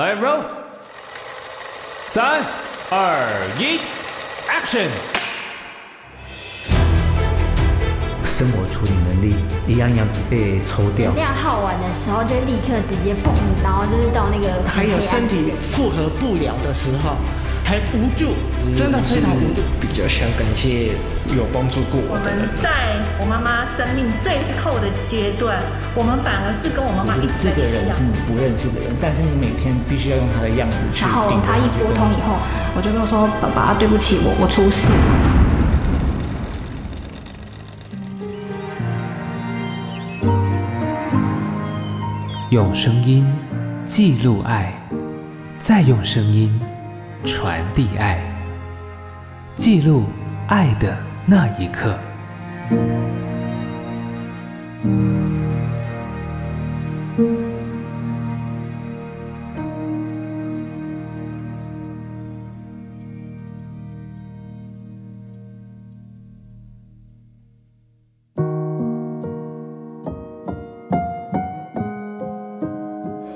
來，roll，三、二、一，action。生活處理能力一樣一樣被抽掉。量耗完的時候，就立刻直接碰，然後就是到那個。還有身體負荷不了的時候。還無助，真的非常無助。嗯，比較想感謝有幫助過的我的人。在我媽媽生命最後的階段，我們反而是跟我媽媽一整。這個人是你不認識的人，但是你每天必須要用他的樣子去。然後他一撥通以後，我就跟我說：“爸爸，對不起我，我我出事。”用聲音記錄愛，再用聲音。傳遞愛，記錄愛的那一刻。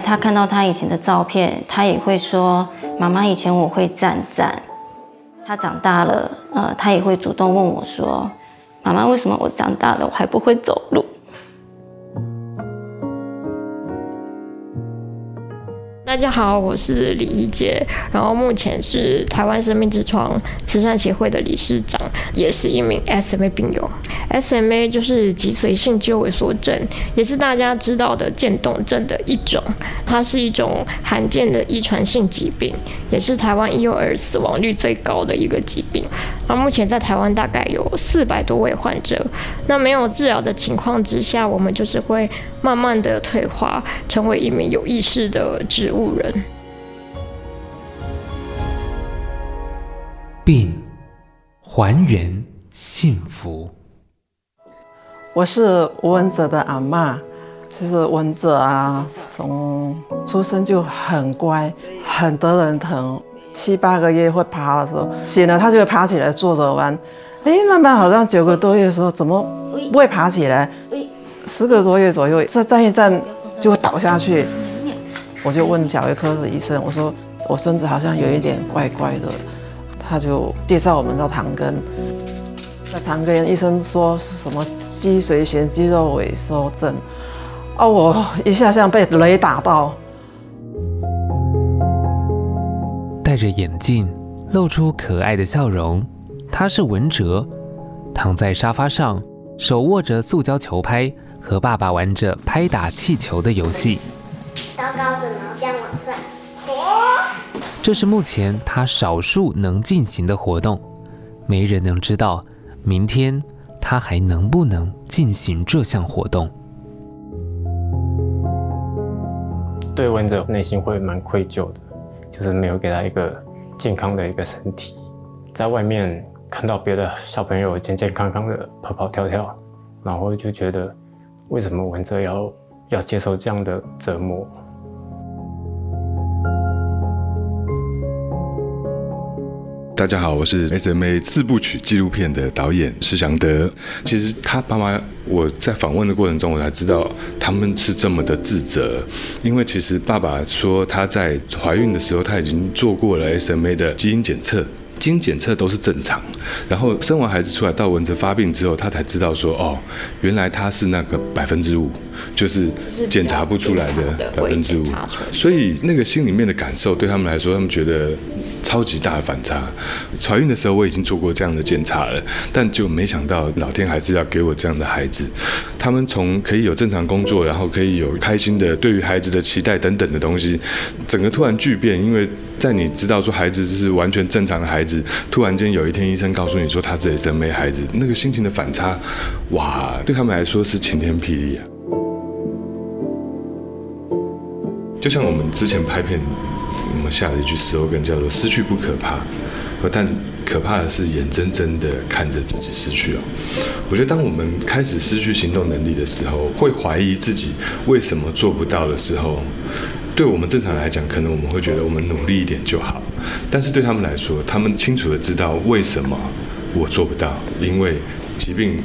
他看到他以前的照片，他也會說。媽媽，以前我會站站。她長大了，呃，她也會主動問我說：“媽媽，為什麼我長大了我還不會走路？”大家好，我是李怡潔，然後目前是台灣生命之窗慈善協會的理事長，也是一名 SMA 病友。SMA 就是脊髓性肌肉萎縮症，也是大家知道的漸凍症的一種。它是一種罕見的遺傳性疾病，也是台灣嬰幼兒死亡率最高的一個疾病。而目前在台灣大概有四百多位患者，那沒有治療的情況之下，我們就是會慢慢的退化，成為一名有意識的植物人。病還原幸福。我是吳文喆的阿嬤，就是文喆啊，從出生就很乖，很得人疼。七八個月會爬的時候，醒了他就會爬起來坐着玩。哎、欸，慢慢好像九個多月的時候怎麼不會爬起來？十個多月左右，再站一站就會倒下去。我就問小兒科的醫生，我說我孫子好像有一點怪怪的，他就介紹我們到長庚。在長庚醫生說是什麼脊髓性肌肉萎縮症，哦，我一下像被雷打到。戴着眼鏡，露出可愛的笑容。他是文喆，躺在沙發上，手握着塑膠球拍，和爸爸玩着拍打氣球的遊戲。糟糕的腦漿網站。這，這是目前他少數能進行的活動。沒人能知道，明天他還能不能進行這項活動。對文喆內心會蠻愧疚的。就是沒有給他一個健康的一個身體，在外面看到別的小朋友健健康康的跑跑跳跳，然後就覺得，為什麼文喆要要接受這樣的折磨？大家好，我是 SMA 四部曲紀錄片的導演施祥德。其實他爸媽，我在訪問的過程中，我才知道他們是這麼的自責。因為其實爸爸說他在懷孕的時候，他已經做過了 SMA 的基因檢測，基因檢測都是正常。然後生完孩子出來，到文喆發病之後，他才知道說，哦，原來他是那個百分之五，就是檢查不出來的百分之五。所以那個心裡面的感受，對他們來說，他們覺得。超級大的反差，懷孕的時候我已經做過這樣的檢查了，但就沒想到老天還是要給我這樣的孩子。他們從可以有正常工作，然後可以有開心的對於孩子的期待等等的東西，整個突然巨變。因為在你知道說孩子是完全正常的孩子，突然間有一天醫生告訴你說他這裡生沒孩子，那個心情的反差，哇，對他們來說是晴天霹靂啊。就像我們之前拍片。我們下了一句 slogan 叫做“失去不可怕”，但可怕的是眼睜睜的看着自己失去。我覺得，當我們開始失去行動能力的時候，會懷疑自己為什麼做不到的時候，對我們正常來講，可能我們會覺得我們努力一點就好，但是對他們來說，他們清楚的知道為什麼我做不到，因為。疾病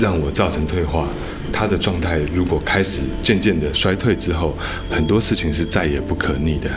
讓我造成退化，他的狀態如果開始漸漸的衰退之後，很多事情是再也不可逆的。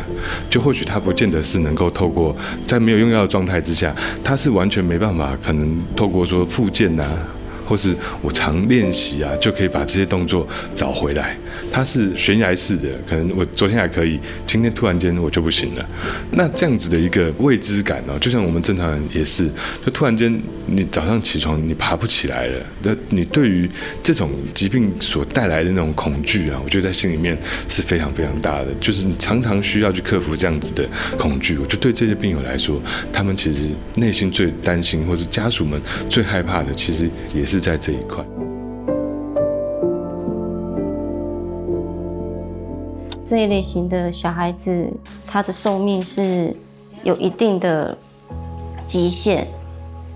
就或許他不見得是能夠透過在沒有用藥的狀態之下，他是完全沒辦法可能透過說復健吶、啊。或是我常練習啊，就可以把這些動作找回來。它是懸崖式的，可能我昨天還可以，今天突然間我就不行了。那這樣子的一個未知感呢、啊？就像我們正常人也是，就突然間你早上起床你爬不起來了。那你對於這種疾病所帶來的那種恐懼啊，我覺得在心裡面是非常非常大的。就是你常常需要去克服這樣子的恐懼。我覺得對這些病友來說，他們其實內心最擔心，或者家屬們最害怕的，其實也是。在這一塊，這一類型的小孩子，他的壽命是有一定的極限，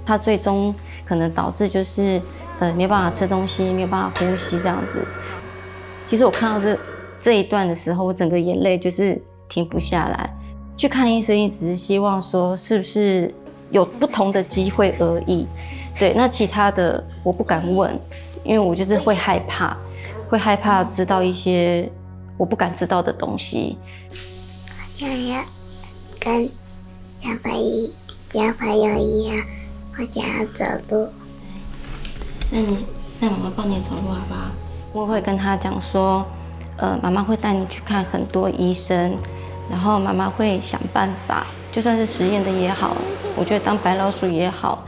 他最終可能導致就是呃沒辦法吃東西，沒有辦法呼吸這樣子。其實我看到這這一段的時候，我整個眼淚就是停不下來。去看醫生也只是希望說是不是有不同的機會而已。對，那其他的我不敢問，因為我就是會害怕，會害怕知道一些我不敢知道的東西。我想要跟小朋友、小朋友一樣，我想要走路。那你讓媽媽幫你走路好不好？我會跟他講說，呃，媽媽會帶你去看很多醫生，然後媽媽會想辦法，就算是實驗的也好，我覺得當白老鼠也好。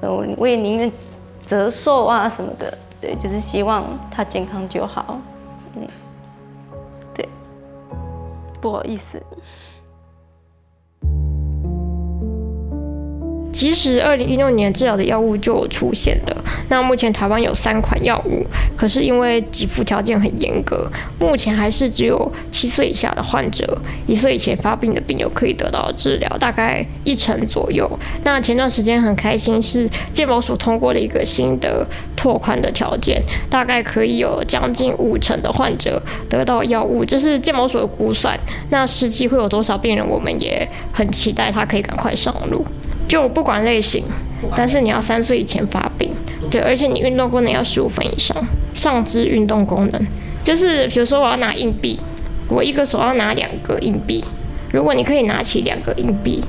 呃，我也寧願折壽啊什麼的，對，就是希望他健康就好，嗯，對，不好意思。其實，二零一六年治療的藥物就出現了。那目前台灣有三款藥物，可是因為給付條件很嚴格，目前還是只有七歲以下的患者，一歲以前發病的病友可以得到治療，大概一成左右。那前段時間很開心是健保署通過了一個新的拓寬的條件，大概可以有將近五成的患者得到藥物，這、就是健保署的估算。那實際會有多少病人，我們也很期待他可以趕快上路。就不管類型，但是你要三歲以前發病，對，而且你運動功能要十五分以上，上肢運動功能，就是比如說我要拿硬幣，我一個手要拿兩個硬幣，如果你可以拿起兩個硬幣，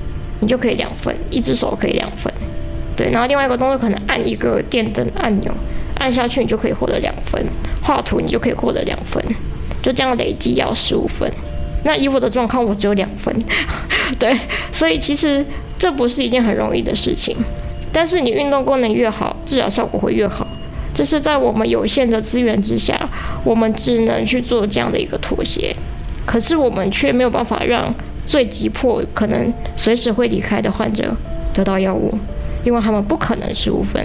你就可以兩分，一隻手可以兩分，對，然後另外一個動作可能按一個電燈按鈕，按下去你就可以獲得兩分，畫圖你就可以獲得兩分，就這樣累計要十五分。那以我的狀況，我只有兩分，對，所以其實這不是一件很容易的事情。但是你運動功能越好，治療效果會越好。這是在我們有限的資源之下，我們只能去做這樣的一個妥協。可是我們卻沒有辦法讓最急迫、可能隨時會離開的患者得到藥物，因為他們不可能十五分。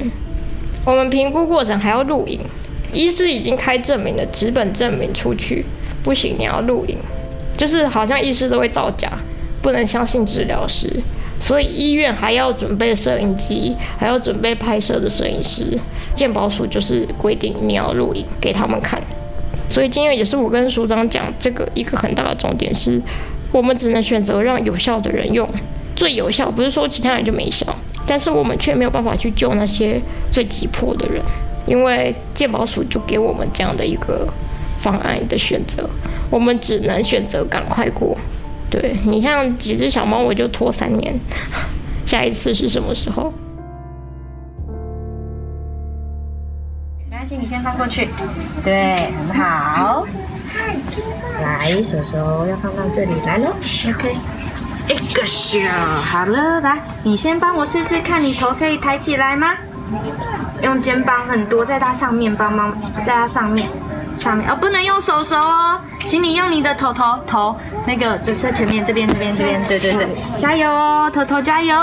我們評估過程還要錄影，醫師已經開證明了，紙本證明出去不行，你要錄影。就是好像醫師都會造假，不能相信治療師，所以醫院還要準備攝影機，還要準備拍攝的攝影師。健保署就是規定你要錄影給他們看，所以今天也是我跟署長講這個一個很大的重點是，我們只能選擇讓有效的人用，最有效不是說其他人就沒效，但是我們卻沒有辦法去救那些最急迫的人，因為健保署就給我們這樣的一個方案的選擇，我們只能選擇趕快過。對你像幾隻小貓，我就拖三年。下一次是什麼時候？沒關係，你先放過去。嗯、對，很好。嗯、來，手手要放到這裡來嘍。OK，一個手好了，來，你先幫我試試看，你頭可以抬起來嗎？用肩膀很多在它上面，幫忙在它上面。下面哦，不能用手手哦，請你用你的頭頭頭，那個紫色前面這邊這邊這邊，對對對，加油哦，頭頭加油。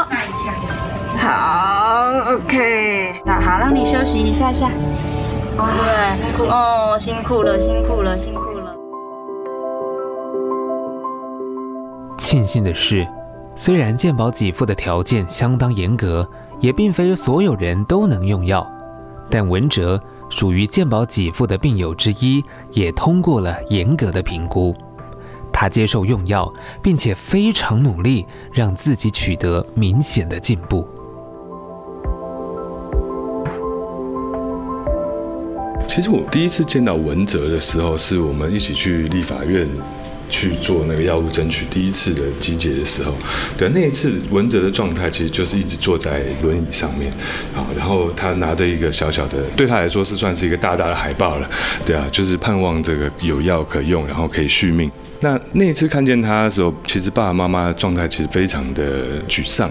好，OK，嗯、那好，讓你休息一下一下。嗯、哦對，辛苦哦，辛苦了，辛苦了，辛苦了。慶幸的是，雖然健保給付的條件相當嚴格，也並非所有人都能用藥，但文喆，屬於健保給付的病友之一，也通過了嚴格的評估。他接受用藥，並且非常努力，讓自己取得明顯的進步。其實我第一次見到文喆的時候，是我們一起去立法院。去做那個藥物爭取第一次的集結的時候，對啊，那一次文喆的狀態其實就是一直坐在輪椅上面，然後他拿着一個小小的，對他來說是算是一個大大的海報了，對啊，就是盼望這個有藥可用，然後可以續命。那那一次看見他的時候，其實爸爸媽媽的狀態其實非常的沮喪，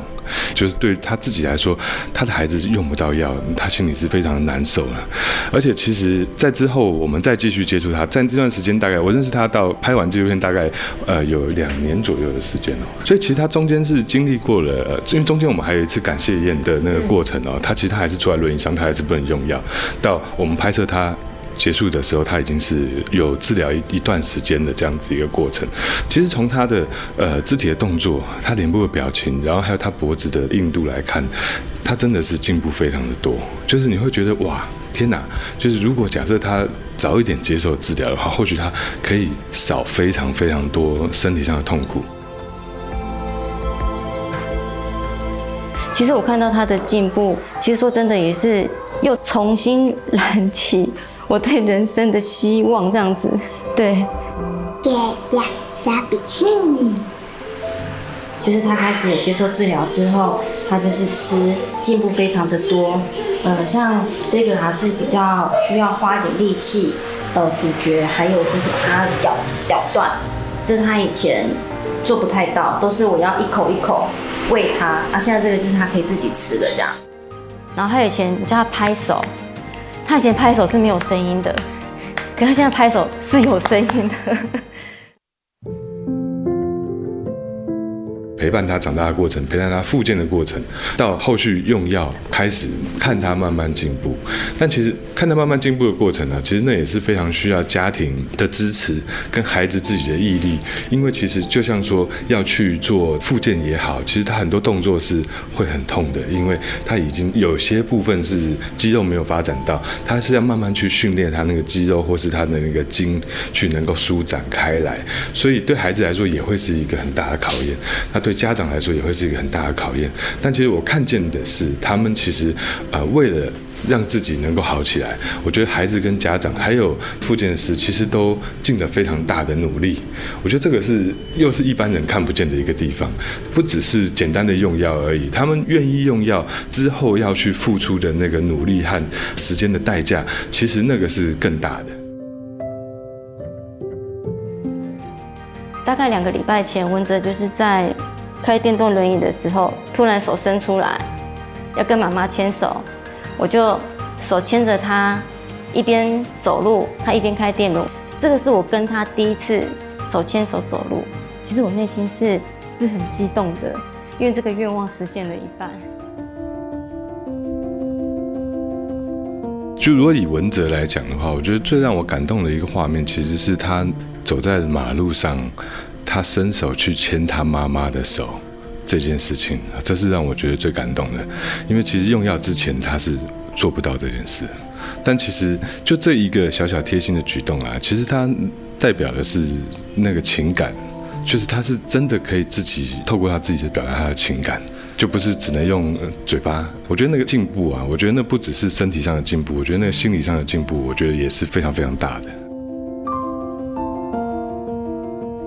就是對他自己來說，他的孩子是用不到藥，他心裡是非常的難受了。而且其實，在之後我們再繼續接觸他，在這段時間大概我認識他到拍完紀錄片大概呃有兩年左右的時間哦，所以其實他中間是經歷過了，呃，因為中間我們還有一次感謝宴的那個過程哦，嗯，他其實他還是坐在輪椅上，他還是不能用藥，到我們拍攝他。結束的時候，他已經是有治療一一段時間的這樣子一個過程。其實從他的呃肢體的動作、他臉部的表情，然後還有他脖子的硬度來看，他真的是進步非常的多。就是你會覺得，哇，天哪、啊！就是如果假設他早一點接受治療的話，或許他可以少非常非常多身體上的痛苦。其實我看到他的進步，其實說真的也是又重新燃起。我對人生的希望這樣子，對。就是他開始接受治療之後，他就是吃進步非常的多。呃，像這個還是比較需要花一點力氣。呃，咀嚼還有就是把他咬咬斷，這是他以前做不太到，都是我要一口一口餵他。啊，現在這個就是他可以自己吃的這樣。然後他以前叫他拍手。他以前拍手是沒有聲音的，可是他現在拍手是有聲音的。陪伴他長大的過程，陪伴他復健的過程，到後續用藥開始看他慢慢進步。但其實看他慢慢進步的過程呢、啊，其實那也是非常需要家庭的支持跟孩子自己的毅力。因為其實就像說要去做復健也好，其實他很多動作是會很痛的，因為他已經有些部分是肌肉沒有發展到，他是要慢慢去訓練他那個肌肉或是他的那個筋去能夠舒展開來。所以對孩子來說也會是一個很大的考驗。那對。對家長來說也會是一個很大的考驗，但其實我看見的是，他們其實呃為了讓自己能夠好起來，我覺得孩子跟家長還有附件的事，其實都盡了非常大的努力。我覺得這個是又是一般人看不見的一個地方，不只是簡單的用藥而已，他們願意用藥之後要去付出的那個努力和時間的代價，其實那個是更大的。大概兩個禮拜前，文喆就是在。開電動輪椅的時候，突然手伸出來，要跟媽媽牽手，我就手牽着她一邊走路，她一邊開電動。這個是我跟她第一次手牽手走路，其實我內心是是很激動的，因為這個願望實現了一半。就如果以文喆來講的話，我覺得最讓我感動的一個畫面，其實是他走在馬路上。他伸手去牽他媽媽的手，這件事情，這是讓我覺得最感動的。因為其實用藥之前，他是做不到這件事。但其實就這一個小小貼心的舉動啊，其實它代表的是那個情感，就是他是真的可以自己透過他自己的表達他的情感，就不是只能用嘴巴。我覺得那個進步啊，我覺得那不只是身體上的進步，我覺得那個心理上的進步，我覺得也是非常非常大的。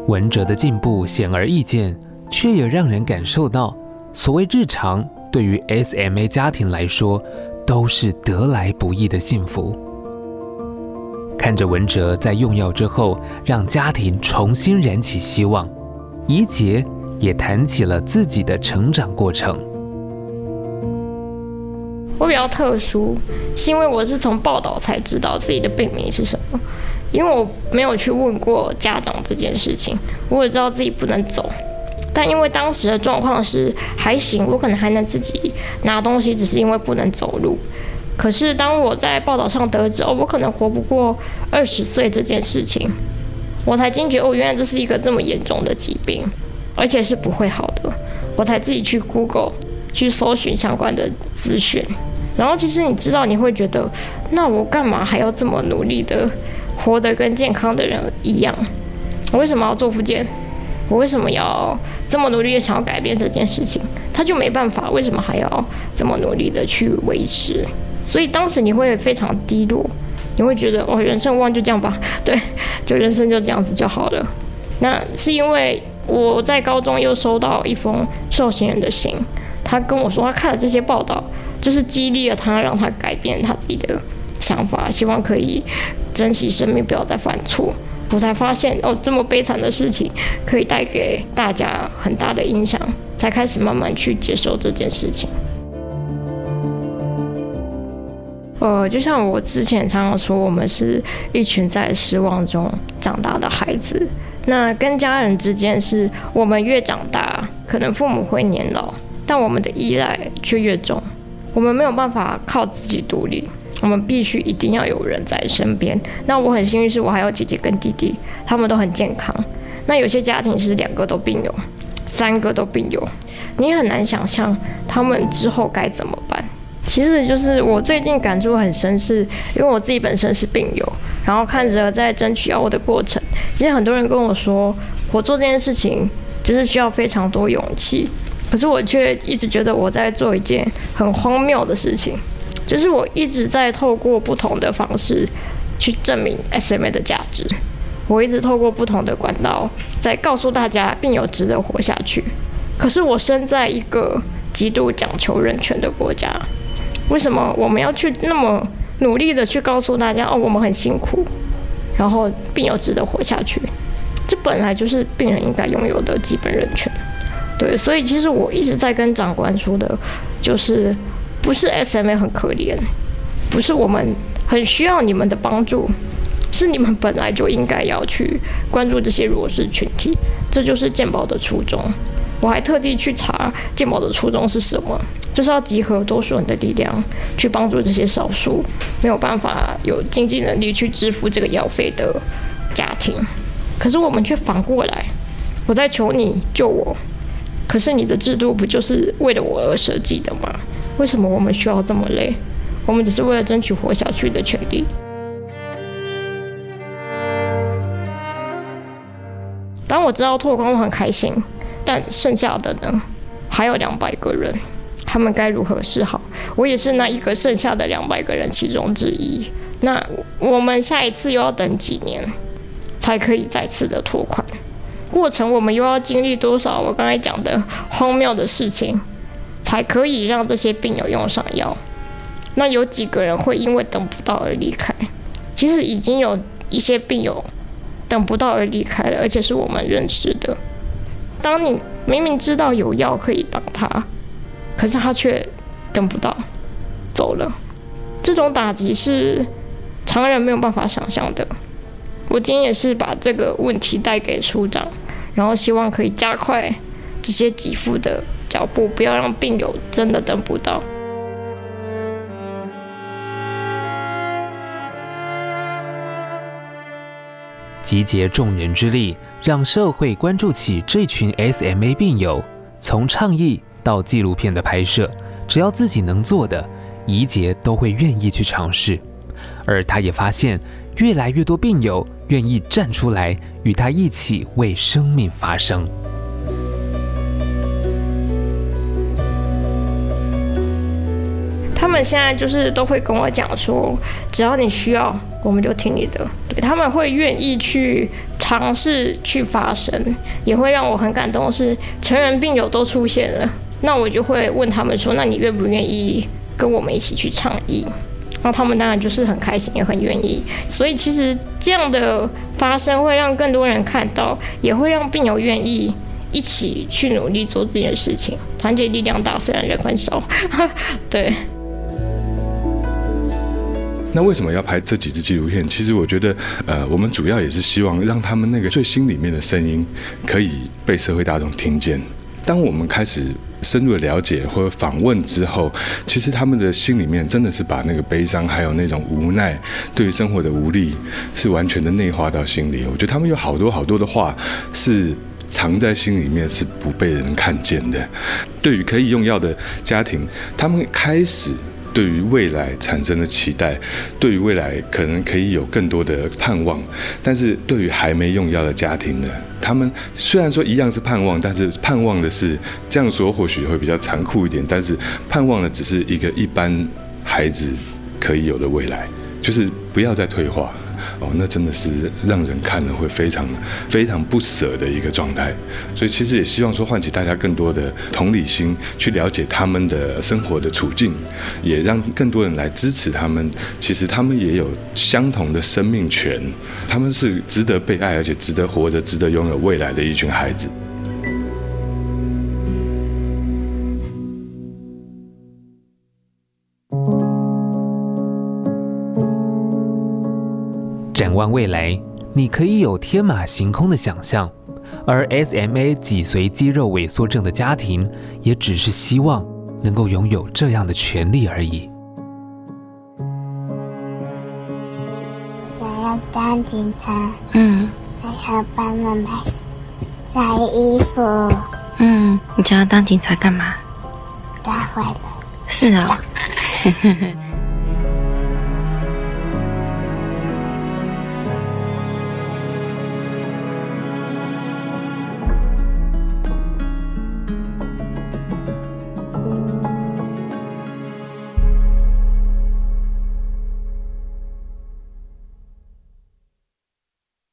文哲的進步顯而易見，卻也讓人感受到，所謂日常對於 SMA 家庭來說，都是得來不易的幸福。看着文哲在用藥之後，讓家庭重新燃起希望，怡潔也談起了自己的成長過程。我比較特殊，是因為我是從報道才知道自己的病名是什麼。因為我沒有去問過家長這件事情，我也知道自己不能走，但因為當時的狀況是還行，我可能還能自己拿東西，只是因為不能走路。可是當我在報道上得知哦，我可能活不過二十歲這件事情，我才驚覺哦，原來這是一個這麼嚴重的疾病，而且是不會好的。我才自己去 Google 去搜尋相關的資訊，然後其實你知道你會覺得，那我幹嘛還要這麼努力的？活得跟健康的人一樣，我為什麼要做復健？我為什麼要這麼努力的想要改變這件事情？他就沒辦法，為什麼還要這麼努力的去維持？所以當時你會非常低落，你會覺得哦，人生無望就這樣吧，對，就人生就這樣子就好了。那是因為我在高中又收到一封受刑人的信，他跟我說他看了這些報道，就是激勵了他，讓他改變他自己的。想法，希望可以珍惜生命，不要再犯錯。我才發現，哦，這麼悲慘的事情可以帶給大家很大的影響，才開始慢慢去接受這件事情。呃，就像我之前常常說，我們是一群在失望中長大的孩子。那跟家人之間是，是我們越長大，可能父母會年老，但我們的依賴卻越重，我們沒有辦法靠自己獨立。我們必須一定要有人在身邊。那我很幸運，是我還有姐姐跟弟弟，他們都很健康。那有些家庭是兩個都病友，三個都病友，你也很難想象他們之後該怎麼辦？其實，就是我最近感觸很深是，是因為我自己本身是病友，然後看着在爭取藥物的過程，其實很多人跟我說，我做這件事情就是需要非常多勇氣，可是我卻一直覺得我在做一件很荒謬的事情。就是我一直在透過不同的方式去證明 SMA 的價值，我一直透過不同的管道在告訴大家，病友值得活下去。可是我身在一個極度講求人權的國家，為什麼我們要去那麼努力的去告訴大家，哦，我們很辛苦，然後病友值得活下去？這本來就是病人應該擁有的基本人權。對，所以其實我一直在跟長官說的，就是。不是 SMA 很可憐，不是我們很需要你們的幫助，是你們本來就應該要去關注這些弱勢群體。這就是健保的初衷。我還特地去查健保的初衷是什麼，就是要集合多數人的力量去幫助這些少數沒有辦法有經濟能力去支付這個藥費的家庭。可是我們卻反過來，我在求你救我，可是你的制度不就是為了我而設計的嗎？為什麼我們需要這麼累？我們只是為了爭取活下去的權利。當我知道拓寬，很開心，但剩下的呢？還有兩百個人，他們該如何是好？我也是那一個剩下的兩百個人其中之一。那我們下一次又要等幾年，才可以再次的拓寬？過程我們又要經歷多少我剛才講的荒謬的事情？還可以讓這些病友用上藥，那有幾個人會因為等不到而離開？其實已經有一些病友等不到而離開了，而且是我們認識的。當你明明知道有藥可以幫他，可是他卻等不到，走了，這種打擊是常人沒有辦法想象的。我今天也是把這個問題帶給處長，然後希望可以加快。這些肌膚的腳步，不要讓病友真的等不到。集結眾人之力，讓社會關注起這群 SMA 病友。從倡議到紀錄片的拍攝，只要自己能做的，怡潔都會願意去嘗試。而她也發現，越來越多病友願意站出來，與她一起為生命發聲。他們現在就是都會跟我講說，只要你需要，我們就聽你的。對，他們會願意去嘗試去發聲，也會讓我很感動的是，成人病友都出現了，那我就會問他們說，那你願不願意跟我們一起去倡議？然後他們當然就是很開心，也很願意。所以其實這樣的發聲會讓更多人看到，也會讓病友願意一起去努力做這件事情。團結力量大，雖然人很少， 對。那為什麼要拍這幾支紀錄片？其實我覺得，呃，我們主要也是希望讓他們那個最心裡面的聲音，可以被社會大衆聽見。當我們開始深入的了解或者訪問之後，其實他們的心裡面真的是把那個悲傷，還有那種無奈，對於生活的無力，是完全的內化到心裡。我覺得他們有好多好多的話是藏在心裡面，是不被人看見的。對於可以用藥的家庭，他們開始，對於未來產生的期待，對於未來可能可以有更多的盼望，但是對於還沒用藥的家庭呢，他們雖然說一樣是盼望，但是盼望的是這樣說或許會比較殘酷一點，但是盼望的只是一個一般孩子可以有的未來，就是不要再退化。哦，那真的是讓人看了會非常非常不捨的一個狀態，所以其實也希望說喚起大家更多的同理心，去了解他們的生活的處境，也讓更多人來支持他們。其實他們也有相同的生命權，他們是值得被愛，而且值得活着，值得擁有未來的一群孩子。望未來，你可以有天馬行空的想象，而 SMA 脊髓肌肉萎縮症的家庭，也只是希望能夠擁有這樣的權利而已。想要當警察，嗯，還要幫媽媽洗衣服，嗯，你想要當警察幹嘛？抓壞人。是啊、哦。